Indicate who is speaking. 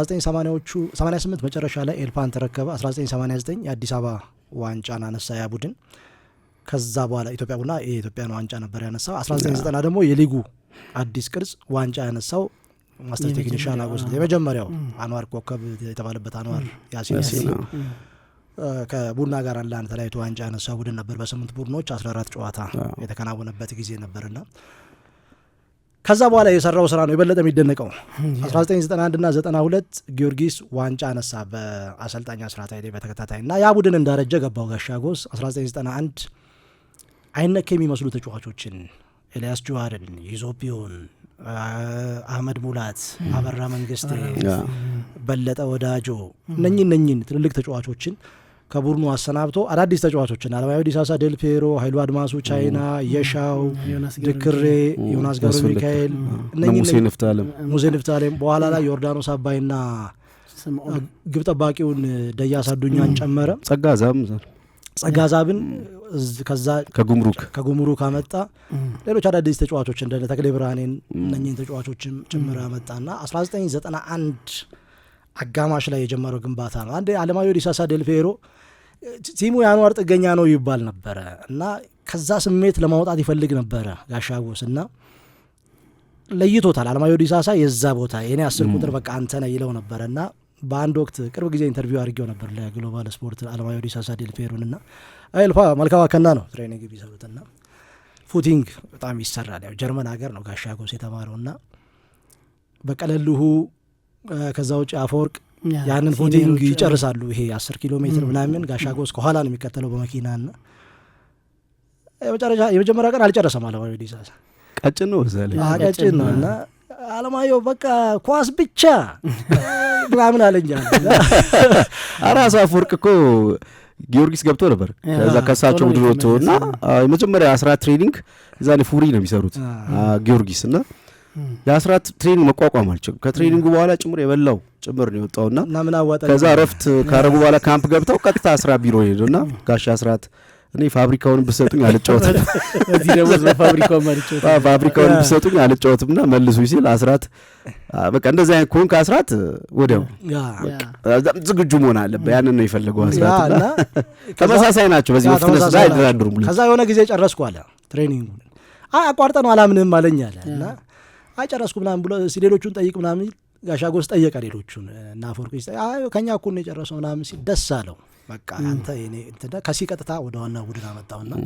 Speaker 1: 1980ዎቹ 88 መጨረሻ ላይ ኤልፓን ተረከበ። 1989 የአዲስ አበባ ዋንጫን አነሳ ያ ቡድን። ከዛ በኋላ ኢትዮጵያ ቡና የኢትዮጵያን ዋንጫ ነበር ያነሳው። 1990 ደግሞ የሊጉ አዲስ ቅርጽ ዋንጫ ያነሳው ማስተር ቴክኒሻን አጎስ የመጀመሪያው አንዋር ኮከብ የተባለበት አንዋር ያሲን ከቡና ጋር አንድ ለአንድ ተለያይቶ ዋንጫ ያነሳ ቡድን ነበር። በስምንት ቡድኖች 14 ጨዋታ የተከናወነበት ጊዜ ነበርና ከዛ በኋላ የሰራው ስራ ነው የበለጠ የሚደነቀው። 1991 እና 92 ጊዮርጊስ ዋንጫ አነሳ በአሰልጣኝ አስራት ኃይሌ በተከታታይ እና ያ ቡድን እንዳረጀ ገባው ጋሻጎስ 1991 አይነክ የሚመስሉ ተጫዋቾችን ኤልያስ ጁዋርን ይዞፒዮን፣ አህመድ ሙላት፣ አበራ መንግስቴ፣ በለጠ ወዳጆ እነኝን እነኝን ትልልቅ ተጫዋቾችን ከቡድኑ አሰናብቶ አዳዲስ ተጫዋቾችን አለማዊ ዲሳሳ፣ ዴል ፔሮ፣ ሀይሉ አድማሱ፣ ቻይና፣ የሻው ድክሬ፣ ዮናስ ገብረ ሚካኤል፣ ሙሴ ንፍታሌም በኋላ ላይ ዮርዳኖስ አባይና ግብ ጠባቂውን ደያሳ ዱኛን ጨመረ። ጸጋዛም ጸጋዛብን ከዛ ከጉምሩክ ከጉምሩክ አመጣ። ሌሎች አዳዲስ ተጫዋቾች እንደ ተክሌ ብርሃኔን እነኝን ተጫዋቾችም ጭምር አመጣና 1991 አጋማሽ ላይ የጀመረው ግንባታ ነው። አንድ አለማዮ ዲሳሳ ዴልፌሮ ቲሙ የአንዋር ጥገኛ ነው ይባል ነበረ እና ከዛ ስሜት ለማውጣት ይፈልግ ነበረ ጋሻጎስ እና ለይቶታል። አለማዮ ዲሳሳ የዛ ቦታ የኔ አስር ቁጥር በቃ አንተነ ይለው ነበረ እና በአንድ ወቅት ቅርብ ጊዜ ኢንተርቪው አድርጌው ነበር ለግሎባል ስፖርት አለማዮ ዲሳሳ ዴልፌሮን እና ኤልፋ መልካም አከና ነው ትሬኒንግ ቢሰሩት እና ፉቲንግ በጣም ይሰራል። ያው ጀርመን ሀገር ነው ጋሻጎስ የተማረው እና በቀለልሁ ከዛ ውጭ አፈወርቅ ያንን ሆዲንግ ይጨርሳሉ። ይሄ አስር ኪሎ ሜትር ምናምን ጋሻጎስ ከኋላ ነው የሚከተለው በመኪና ና የመጀመሪያ ቀን አልጨረሰም። አለማየሁ ዲዛ ቀጭን ነው ዛ ቀጭን ነው እና አለማየሁ በቃ ኳስ ብቻ ምናምን አለኛ።
Speaker 2: አራስ አፈወርቅ እኮ ጊዮርጊስ ገብቶ ነበር። ከዛ ከሳቸው ቡድን ወጥቶ እና የመጀመሪያ አስራ ትሬኒንግ እዛ ፉሪ ነው የሚሰሩት ጊዮርጊስ እና የአስራት ትሬኒንግ መቋቋም አልችልም። ከትሬኒንጉ በኋላ ጭምር የበላው ጭምር ነው የወጣውና ከዛ ረፍት ካረጉ በኋላ ካምፕ ገብተው ቀጥታ አስራ ቢሮ ሄዱና ጋሽ አስራት እኔ ፋብሪካውን ብሰጡኝ አልጫወትም፣ ፋብሪካውን ብሰጡኝ አልጫወትም እና መልሱ ሲል አስራት በቃ እንደዚህ አይነት ከሆንክ አስራት ወዲያው ዝግጁ መሆን አለበት። ያንን ነው የፈለገው አስራት። ተመሳሳይ ናቸው በዚህ በፍትነስ ላይ አይደራድሩም።
Speaker 1: ከዛ የሆነ ጊዜ ጨረስኩ አለ ትሬኒንጉ አቋርጠ ነው አላምንም አለኝ አለ እና አጨረስኩ ምናምን ብሎ ሌሎቹን ጠይቅ ምናምን ጋሻጎስ ጠየቀ ሌሎቹን እና አፈወርቂ ከኛ እኮ ነው የጨረሰው ምናምን ሲል ደስ አለው። በቃ አንተ ከሲ ቀጥታ ወደ ዋና ቡድን አመጣውና